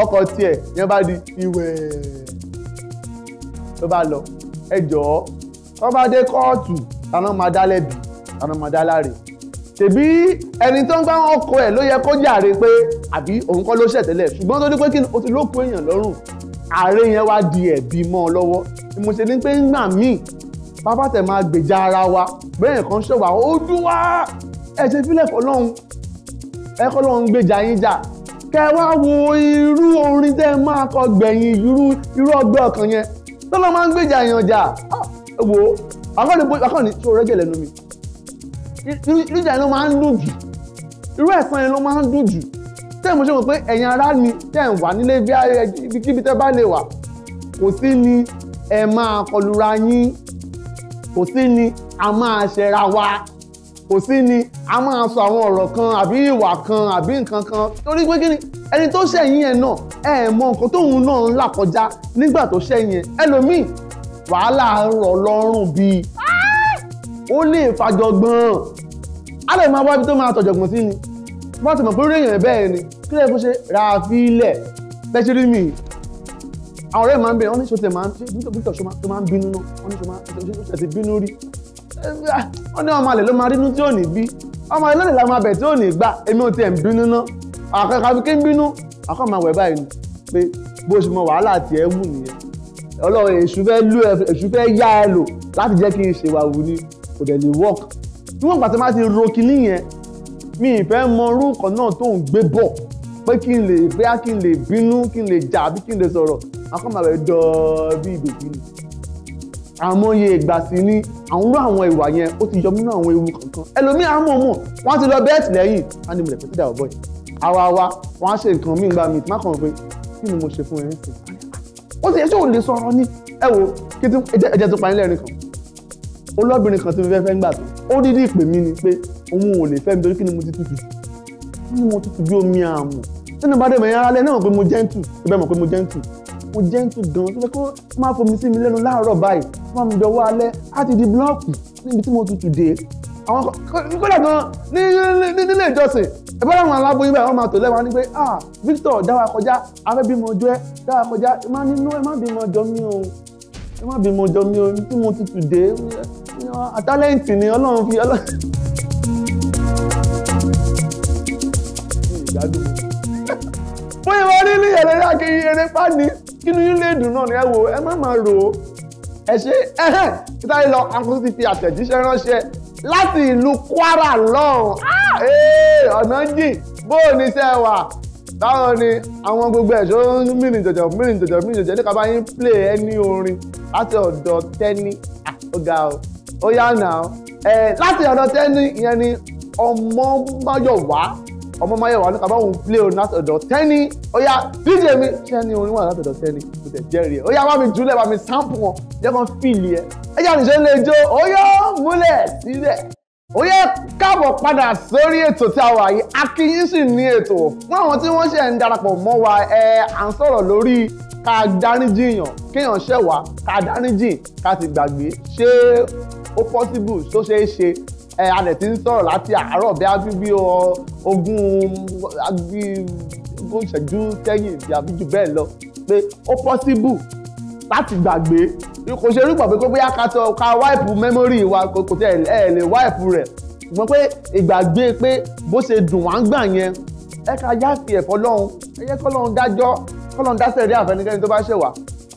ọkọ̀ tiẹ̀ yẹn bá di ìwẹ̀ ló bá lọ ẹ jọ̀ọ́ wọ́n bá dé kóòtù táná máa dá lẹ́bi táná máa dá láre tèbí ẹni tó ń gbá wọn kọ ẹ ló yẹ kó jàre pé àbí òun kọ́ ló ṣẹ̀ tẹ́lẹ̀ ṣùgbọ́n tó ní pé kí ni o ti lókun èèyàn lọ́rùn ààrẹ yẹn wá di ẹ̀bi mọ́ ọ lọ́wọ́ mo ṣe ní pé ńgbà míì bàbá tẹ̀ máa gbèjà ara wa bẹ́ẹ̀ kan ṣe wà ó dún wá ẹ ṣe fílẹ̀ fọlọ́hún ẹ kọ́ lọ́hún gbèjà yín jà kẹ wá wo irú orin tẹ́ máa kọ gbẹ̀yìn irú ọgbẹ́ ọkàn yẹn tọ́lọ́ máa ń gbèjà èèyàn jà ah, wo akọ́ni tó rẹ́jẹ̀ lẹ́nu mi níjà yẹn ló máa ń dùn jù irú ẹ̀sán yẹn ló máa ń dùn jù tẹ́ mo ṣe mọ̀ pé ẹ̀yin ará mi tẹ́ ń wà nílé bí kíbi tẹ́ bá lè wà kò sí ni ẹ máa kọlura yín kò sí ni a máa ṣẹra wa kò sí ni a máa sọ àwọn ọ̀rọ̀ kan àbí ìwà kan àbí nǹkan kan torí pé kí ni ẹni tó ṣẹ̀yìn ẹ̀ náà ẹ mọ nǹkan tóun náà ń là kọjá nígbà tó ṣẹ̀yìn ẹ̀ ẹlòmíì wàhálà rọ̀ lọ́rùn bíi ó lè fàjọgbọ́n a lè máa wá ibi tó máa tọ̀jọ̀gbọ́n sí ni wọ́n ti mọ̀ pé orí èèyàn bẹ́ẹ̀ ni kí lè fún ṣe ra fílẹ̀ tẹ́sírí mi àwọn ọ̀rẹ́ máa ń bẹ̀rẹ̀ wọ́n ní sọ́tẹ̀ máa ń ṣe bíkọ̀ tó máa ń bínú náà wọ́n ní sọ́tẹ̀ ti bínú rí wọ́n ní ọmọ àlè ló máa rínú tí ò ní bí ọmọ àlè lónìí la máa bẹ̀ tí ò ní gbà èmi ò tiẹ̀ ń bínú náà àkọ́kọ́ àfi kí ń bínú àkọ́ máa wẹ̀ báyìí nù pé bó ṣe mọ wàhálà tiẹ̀ wù nìyẹn ọlọ́run èṣù fẹ́ lú èṣù fẹ́ yá ẹ lò láti jẹ́ kí n ṣe wà wù ni kò dẹ̀ lè work níwọ̀n pàtó má ti ro kinní yẹn mi ìfẹ́ mọ orúkọ náà tó ń gbé bọ̀ pé kí n lè bóyá kí n lè bínú kí n lè jà àbí kí n lè sọ̀rọ̀ akọ́mọ̀rẹ́ dọ́ọ́ bí ìbèjì ni àmọye ìgbà sí ni àwọn irú àwọn ìwà yẹn ó ti yọ mí nínú àwọn ewu kankan ẹlòmíì á mọ̀ mọ̀ wọ́n ti lọ bẹ́ẹ̀tì lẹ́yìn á ní mọ̀lẹ́pẹ́ tí dàbọ̀ bọ́ọ̀ì àwa wa wọ́n á ṣe nǹkan míì gba mi má kàn pé kí ni mo ṣe fún ẹ̀rín sí ó sì yẹ ṣé òun lè sọ̀rọ̀ ní ẹ wo kí tí ẹ̀jẹ̀ tó parí lẹ́rìn kan olóbìnrin kan tí mo fẹ́ fẹ́ gbà tó ó dídí ìpè mí ni pé òun ò lè fẹ́ mi torí kí ni mo ti tutù mo tutù bí omi àmọ̀ nínú bá dé mọ̀ yẹn ara lẹ́ náà mọ̀ pé mo gentle ìbẹ́ mọ̀ pé mo gentle mo gentle gan tó fẹ́ kó máa fomi sí mi lẹ́nu láàárọ̀ báyìí tó máa mi dọwọ́ alẹ́ á ti di búlọ́ọ̀kì níbi tí mo tutù dé àwọn kódà gan nílé ìjọsìn ẹ bá láwọn aláboyún báyìí wọn máa tò lẹ́wọ̀n ni pé ah Victor dáwà kọjá afẹ́ bímọ jọ ẹ dáwà kọjá ẹ má nínú ẹ má bímọ jọ mí o ẹ má bímọ jọ mí o tí mo tutù dé àtálẹ́ǹtì ni ọlọ́run fi ọlọ́run. bóyá wọn rí ní ẹ̀rẹ́ yá kiri eré pa ni inú yín lè dùn náà ni ẹ wò ẹ má máa rò ó ẹ ṣe ẹhẹn kítáyé lọ akóso ti fi àtẹ̀jíṣẹ́ ránṣẹ́ láti ìlú Kwara lọ́hùn ah! ọ̀nà jìn bóò ní sẹ́ wà báwo ni àwọn gbogbo ẹ̀ṣọ́ mìíràn jọ̀jọ̀ mìíràn jọ̀jọ̀ mìíràn jọ̀jọ̀ nípa bá yín play ẹni orin láti ọ̀dọ̀ tẹ́ni ọ̀gá ah, o ó yá nà ó láti ọ̀dọ̀ tẹ́ni ìyẹn ni ọmọ máyọ̀wá ọmọ máa yẹ wà nípa báwọn play o láti ọ̀dọ̀ tẹ́ni ọ̀yà díje mi tẹ́ni orin wà láti ọ̀dọ̀ tẹ́ni mo tẹ̀ jẹ́rìí ẹ̀ ọ̀yà wà mí jùlẹ̀ wà mí sample wọn jẹ́ kan fìlì ẹ̀ ẹ jẹ́ àníṣe lè jó ọ̀yọ́ múlẹ̀ sílẹ̀ ọ̀yà káàbọ̀ padà sórí ètò tí a wà yìí akínyìn sì ní ètò fún àwọn tí wọ́n ṣe ń darapọ̀ mọ́ wa ẹ à ń sọ̀rọ̀ lórí ká dáríjì yàn kéèyàn ṣẹ̀wá ká dáríjì ká ti gbàgbé ṣé ó possible tó ṣeé ṣe ẹ a dẹ̀ ti ń sọ̀rọ̀ láti àárọ̀ bí a bí bí ogún bí ogún ìṣẹ́jú sẹ́yìn bí a bí jù bẹ́ẹ̀ lọ pé ó pọ́síbù láti gbàgbé kò ṣe rúgbọ̀n pé kó bóyá ká sọ ká wáìpù mẹ́mórì wa kò tẹ̀ ẹ̀ lè wáìpù rẹ̀ ṣùgbọ́n pé ìgbàgbé pé bó ṣe dùn wá ń gbà yẹn ẹ ká yáàfì ẹ̀fọ́ lọ́hùn ẹ yẹ kọ́lọ́hún dájọ́ kọ́lọ́hún dáṣẹ̀ rí àfẹnikẹ́ni tó bá ṣẹ̀ wá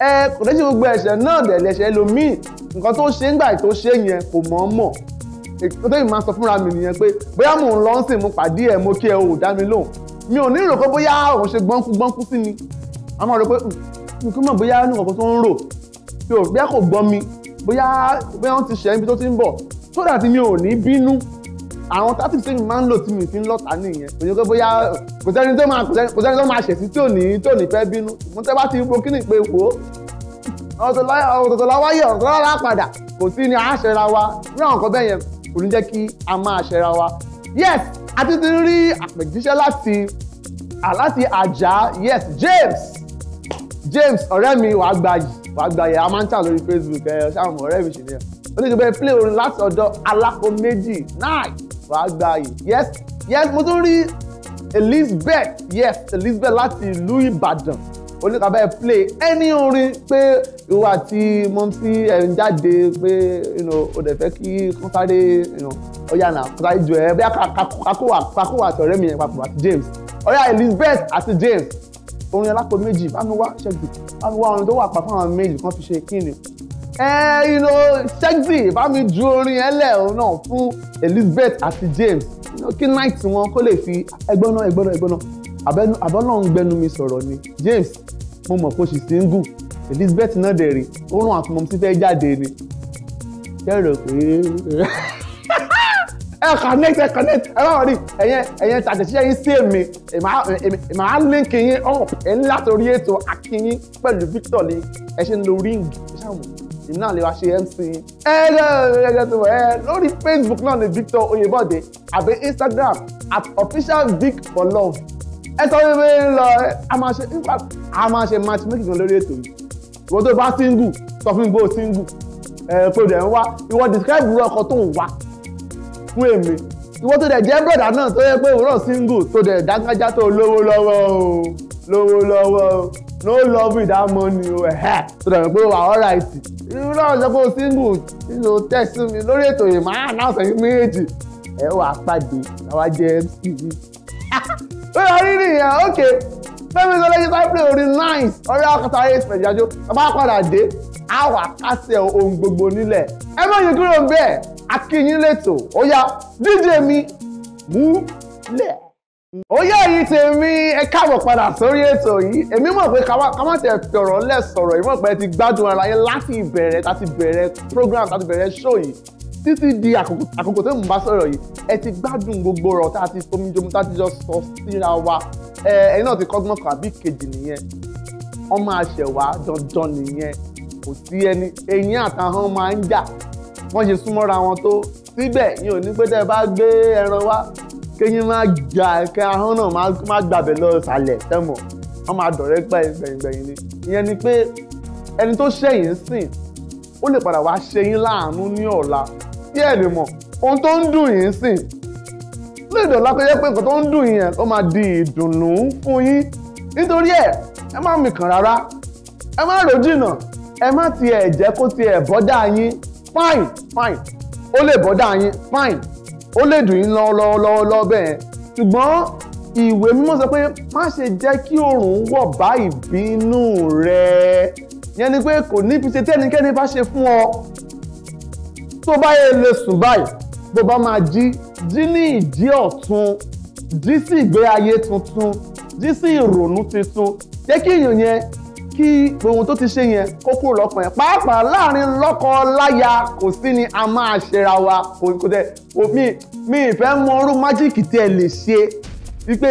ẹ kò ní ṣe gbogbo ẹ̀ṣẹ̀ náà dẹ̀ lẹ́ṣẹ̀ lómìn nǹkan tó ṣe ń gbà tó ṣe yẹn kò mọ̀ ọ́n mọ̀ ètò èmi máa sọ fúnra mi nìyẹn pé bóyá mò ń lọ ń sìn mo pàdé ẹ̀ mo kí ẹ ò dá mi lóhùn mi ò ní rò bóyá òun ṣe gbọ́nkú gbọ́nkú sí mi àmọ́ rò pé n hmm, kí mọ̀ bóyá ní nǹkan tó ń rò bóyá kò gbọ́n mi bóyá bóyá wọ́n ti ṣe ibi tó ti ń bọ̀ tó dà mi ò ní bínú àwọn tactics tí mi máa ń lò tí mi fi ń lọ́ta nìyẹn kò ní pé bínú mo tẹ́ bá ti ro kí ni pé wò ó ọ̀tọ̀tọ̀ láwáyé ọ̀tọ̀tọ̀ láwá padà kò sí ni àá ṣẹra wa ní àwọn kan bẹ́yẹn kò ní jẹ́ kí a máa ṣẹra wa yes a ti ti rí àpèjíṣẹ́ láti láti àjà yes James James ọ̀rẹ́ mi wàá gba wàá gba yẹ a máa ń tà lórí Facebook ẹ ṣáà mọ̀ ọ̀rẹ́ mi ṣì nìyẹn ó ní ìjọba play orin láti ọ̀dọ̀ alákó méjì nine wàá gba yìí yes yes mo tún rí Elizabeth yes Elizabeth láti ìlú Ìbàdàn oníkàbá ẹ play ẹni orin pé ìwọ àti mọ̀ntí ẹ̀ ń jáde pé o dẹ̀ fẹ́ kí kán sáré ọ̀yà náà sáré jù ẹ̀ bí kakówà kakówà àti ọ̀rẹ́ mi yẹn papọ̀ àti James ọ̀rẹ́ Elizabeth àti James orin alápò méjì bá mi wá ṣẹ́gbì bá mi wá orin tó wà pa fún àwọn méjì kan fi ṣe kíni ìnà ṣẹ́gbì bá mi ju orin ẹlẹ́ náà fún Elizabeth àti James kí náà tí wọn kó lè fi ẹgbọ́n náà ẹgbọ́n náà ẹgbọ́n náà àbọ́lọ́hún gbẹnu mi sọ̀rọ̀ ni James mo mọ̀ kó sì single Elizabeth náà dẹ̀ rè ó rún àti mọ̀mísí fẹ́ jáde ni kẹ́rọ̀ pé ẹ connect ẹ connect ẹ bá wọlé ẹyẹn ẹyẹn tàtẹ̀síṣẹ́ yín sí èmi màá link yín up ẹ̀ ń látòrí ètò akínyín pẹ̀lú Victor ni ẹ ṣe ń lo ring ṣáwọn lè wá ṣe mc ẹ ẹ lórí facebook náà ni Victor Oyèbọ̀dé àbí instagram at official vic for love ẹ sọ wípé ń lọ a máa ṣe nípa a máa ṣe matchmaking kan lórí ètò yìí ìwọ tó bá single sọ fún mi bó single ẹ pé rẹ̀ ń wá ìwọ describe irú ọkọ tó ń wá fún èmi ìwọ tó dẹ̀ jẹ́ broda náà tó yẹ pé òun single tó dẹ̀ dágájá tó lówó lọ́wọ́ o lówó lọ́wọ́ o no love without money o ẹ̀hẹ́ tó dẹ̀ pé wà alright irú náà sọ pé o single nínú text mi lórí ètò yìí máa náà sẹ́yìn méjèèjì ẹ wà pàdé àwa jẹ mc ó yọ rírì yẹn ok Fẹ́mi Ṣọlẹ́jì tá play orin nice ọ̀rẹ́ akọta ayé ìpẹ̀jájó bàbá padà dé àwà kásẹ̀ ohun gbogbo nílẹ̀ ẹ má yí kúrò bẹ́ẹ̀ akínyín lẹ́tọ̀ ó yá DJ mi múlẹ̀ ó yá èyí tèmi ẹ káàbọ̀ padà sórí ètò yìí èmi mọ̀ pé ká má tẹ̀ fọ̀rọ̀ lẹ̀ sọ̀rọ̀ ìmọ̀ pé ti gbádùn ara yẹn láti ìbẹ̀rẹ̀ láti bẹ̀rẹ̀ program láti bẹ̀rẹ̀ show yìí títí di àkókò tó ń bá sọ̀rọ̀ yìí ẹ ti gbádùn gbogbo ọ̀rọ̀ tá a ti fomi jomu tá a ti jọ sọ síra wa ẹ̀yin náà ti kọ́gbọ́n kan àbí kejì nìyẹn ọmọ àṣẹwà dandan nìyẹn kò sí ẹni eyín àtàwọn máa ń jà wọ́n ṣe súnmọ́ra wọn tó síbẹ̀ yín ò ní pé tẹ́ ẹ bá gbé ẹran wá kéyìn máa gbà kẹ́ ahọ́n náà máa gbàbẹ̀ lọ sàlẹ̀ tẹ́mọ̀ wọ́n máa dọ̀rẹ́ pẹ́ gbẹ̀yìngbẹ̀yìn ni ìyẹn ni pé ẹni tí ẹ̀ lè mọ̀ ohun tó ń dùn yín sìn lè dọ̀la kó yẹ pé nǹkan tó ń dùn yín ẹ̀ ó máa di ìdùnnú fún yín nítorí ẹ̀ ẹ má mìkàn rárá ẹ má rò jìnnà ẹ má tiẹ̀ jẹ́ kó tiẹ̀ bọ́dà yín fine fine ó lè bọ́dà yín fine ó lè dùn yín lọ́wọ́lọ́wọ́ bẹ́ẹ̀ ṣùgbọ́n ìwé mímọ́ sọ pé má ṣe jẹ́ kí oòrùn wọ̀ bá ìbínú rẹ yẹn ni pé kò ní fi ṣe tẹ́nikẹ́ni bá ṣe fún ọ tó bá yẹ lè sùn báyìí bó bá máa jí jí ní ìjí ọ̀tún jí sí ìgbé ayé tuntun jí sí ìrònú tuntun jẹ́ kí èèyàn yẹn kí ohun tó ti ṣe yẹn kó kúrò lọ́kàn yẹn pàápàá láàrin lọ́kọ láya kò sí ni a máa ṣera wa kò tẹ mi mi ìfẹ́ mọ orú májíìkì tí ẹ lè ṣe wípé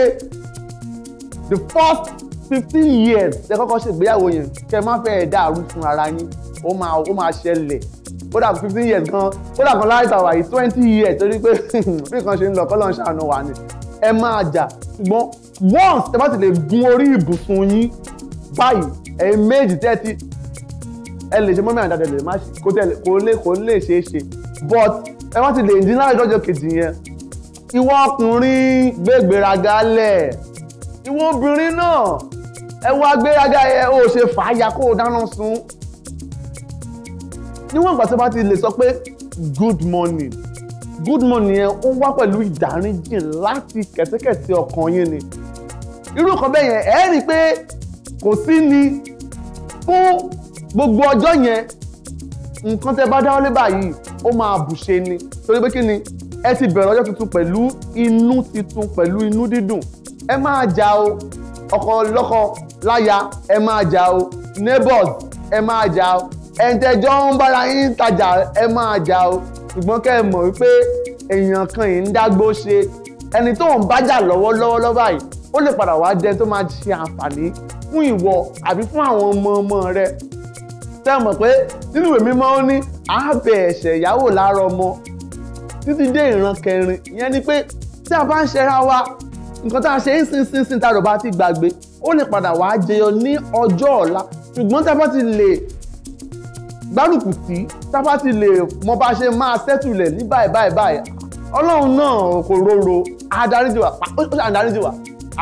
the first fifteen years ẹ kọ́kọ́ ṣègbéyàwó yẹn kẹ́ ẹ má fẹ́ ẹ̀ dàrú fún ara yín ó máa ó máa ṣẹlẹ̀ kódà fifteen years gan kódà kan láì tàwa yìí twenty years torí pé bí kan ṣe ń lọ kọ́ lọ́n ṣàánú wa ni ẹ máa jà ṣùgbọ́n once ẹ bá ti lè gun orí ibùsùn yín báyìí ẹ̀yin méjì tẹ́tí ẹ lè ṣe mọ́mí àdáda lè má ṣe kó tẹ̀lé kó lè kó lè ṣeé ṣe but ẹ wá ti lè dín láì lọ́jọ́ kejì yẹn ìwọ ọkùnrin gbégbéraga lẹ̀ ìwọ obìnrin náà ẹ wá gbéraga yẹn ó ṣe fàáya kó o dáná sun níwọ̀n ìgbà tí wọ́n bá ti lè sọ pé good morning good morning yẹn ó wá pẹ̀lú ìdáríjìn láti kẹ̀tíkẹ̀tí ọkàn yín ni irú kan bẹ́ẹ̀ yẹn ẹ̀ rí i pé kò sí ni fún gbogbo ọjọ́ yẹn nǹkan tẹ́ bá dáwọ́lé báyìí ó máa bùṣe ni torí pé kí ni ẹ ti bẹ̀rẹ̀ ọjọ́ tuntun pẹ̀lú inú titun pẹ̀lú inú dídùn ẹ máa jà o ọkọ lọ́kọ láya ẹ máa jà o neighbors ẹ máa jà o ẹ̀ǹtẹ̀jọ́ ń bára yín tajà ẹ máa jà o ṣùgbọ́n kẹ́ ẹ mọ̀ wípé èèyàn kan yìí ń dágbó ṣe ẹni tó ń bájà lọ́wọ́lọ́wọ́ lọ́wọ́ báyìí ó lè padà wá jẹ tó máa ṣe àǹfààní fún ìwọ àbí fún àwọn ọmọ ọmọ rẹ tẹ́ mọ̀ pé nínú ìwé mímọ́ ó ní àbẹ ẹ̀ṣẹ̀ ìyàwó lára ọmọ títí dé ìran kẹrin ìyẹn ni pé tí a bá ń ṣẹra wa nǹkan tá a ṣe ń sin sin sin tá a rò bá ti gbàgbé ó lè padà wá jẹyọ ní ọjọ́ ọ̀la ṣùgbọ́n tá a bá ti lè gbárùkù tí tábà ti lè mọ bá ṣe máa ṣẹ́tùlẹ̀ ní báyìí báyìí báyìí ọlọ́run náà kò rorò adarí ti wà ó ṣe àdarí ti wà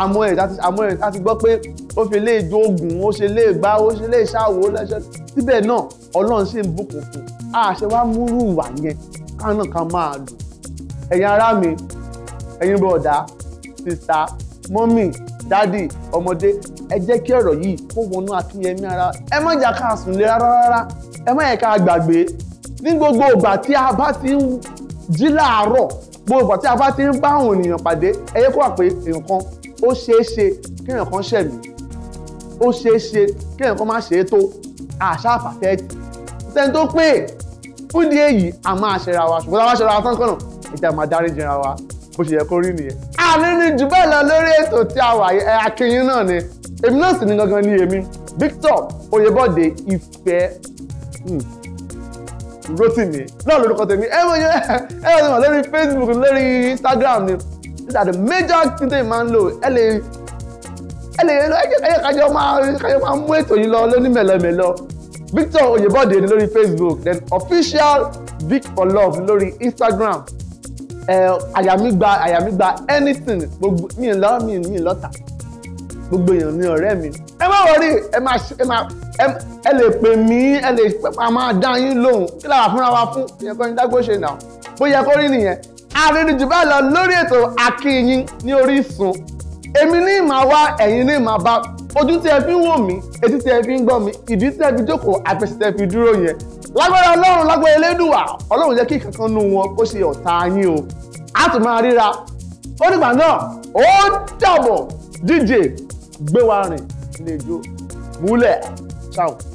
àmọ́ ẹ̀ àmọ́ ẹ̀ a ti gbọ́ pé ó fi lè jó oògùn ó ṣe lè gbá ó ṣe lè ṣàwò lẹ́ṣẹ̀ síbẹ̀ náà ọlọ́run sì ń bùkún fún a ṣe wá múrú ìwà yẹn ká náà ká máa dùn ẹ̀yin ará mi ẹ̀yin bọ̀dá sista mọ́mì dádì ọmọdé ẹ jẹ́ kí ọ̀rọ̀ yìí kó wọnú akínyẹmí ara ẹ má jà ká sùn lé rárá rárá ẹ má yẹ ká gbàgbé ní gbogbo ìgbà tí a bá ti ń jí láàárọ̀ gbogbo ìgbà tí a bá ti ń bá àwọn ènìyàn pàdé ẹ yẹ kó wà pé nǹkan ó ṣeé ṣe kí èèyàn kan ṣẹ̀ mí ó ṣeé ṣe kí èèyàn kan má ṣe é tó àṣà àpàtẹ́ẹ̀tì sẹ́ni tó pé fún di èyí a máa ṣẹra wa ṣùgbọ́n tá a bá ṣẹra wa tán kànáà ìjà máa dárí jẹra wa bó ṣe yẹ kó rí nìyẹn. àní ni jù bẹ́ẹ̀ lọ lórí ètò tí a wà ẹ akínyìn náà ni èmi náà sì ni gangan ni èmi Victor Oyèbọ̀dé ìfẹ́ Hmm. Rotimi náà lórúkọ tèmi ẹ mọ̀ yẹn ẹ mọ̀ yẹn lórí Facebook lórí Instagram ni these are the major things that you man lo ẹ lè ẹ lè ẹ jẹ́ kájọ máa kájọ máa mú ètò yìí lọ lóní mẹ̀lẹ́mẹ̀lọ́ Victor Oyèbọ̀dé ni lórí Facebook then official Vic for love lórí Instagram àyàmígba àyàmígba anything gbogbo mi ì lọ́ mi ì lọ́ta gbogbo èèyàn ní ọ̀rẹ́ mi ẹ má wọrí ẹ má ẹ má ẹ lè pè mí ẹ lè pẹ́pà máa dá yín lóhùn kí làwọn fúnra wa fún ìyẹn kọ́ni dágbó ṣe nà bó yẹ kó rí nìyẹn àrídìjì bá lọ lórí ètò AkiiYin ní Orísun èmi ní ìmọ̀ wá ẹ̀yin ní ìmọ̀ bá ojú tí ẹ fi ń wò mí etí tí ẹ fi ń gbọ́ mi ìdí tí ẹ fi jókòó àfẹsẹ̀ tẹ́ fi dúró yẹn lágbára ọlọ́run lágbára elédùà ọlọ́run jẹ́ kí kankan nu wọn kó ṣe ọ̀tá yín o á tún máa ríra ó dìgbà náà ó dàbọ̀ DJ gbé wa rìn lè jó múlẹ̀ ṣáà.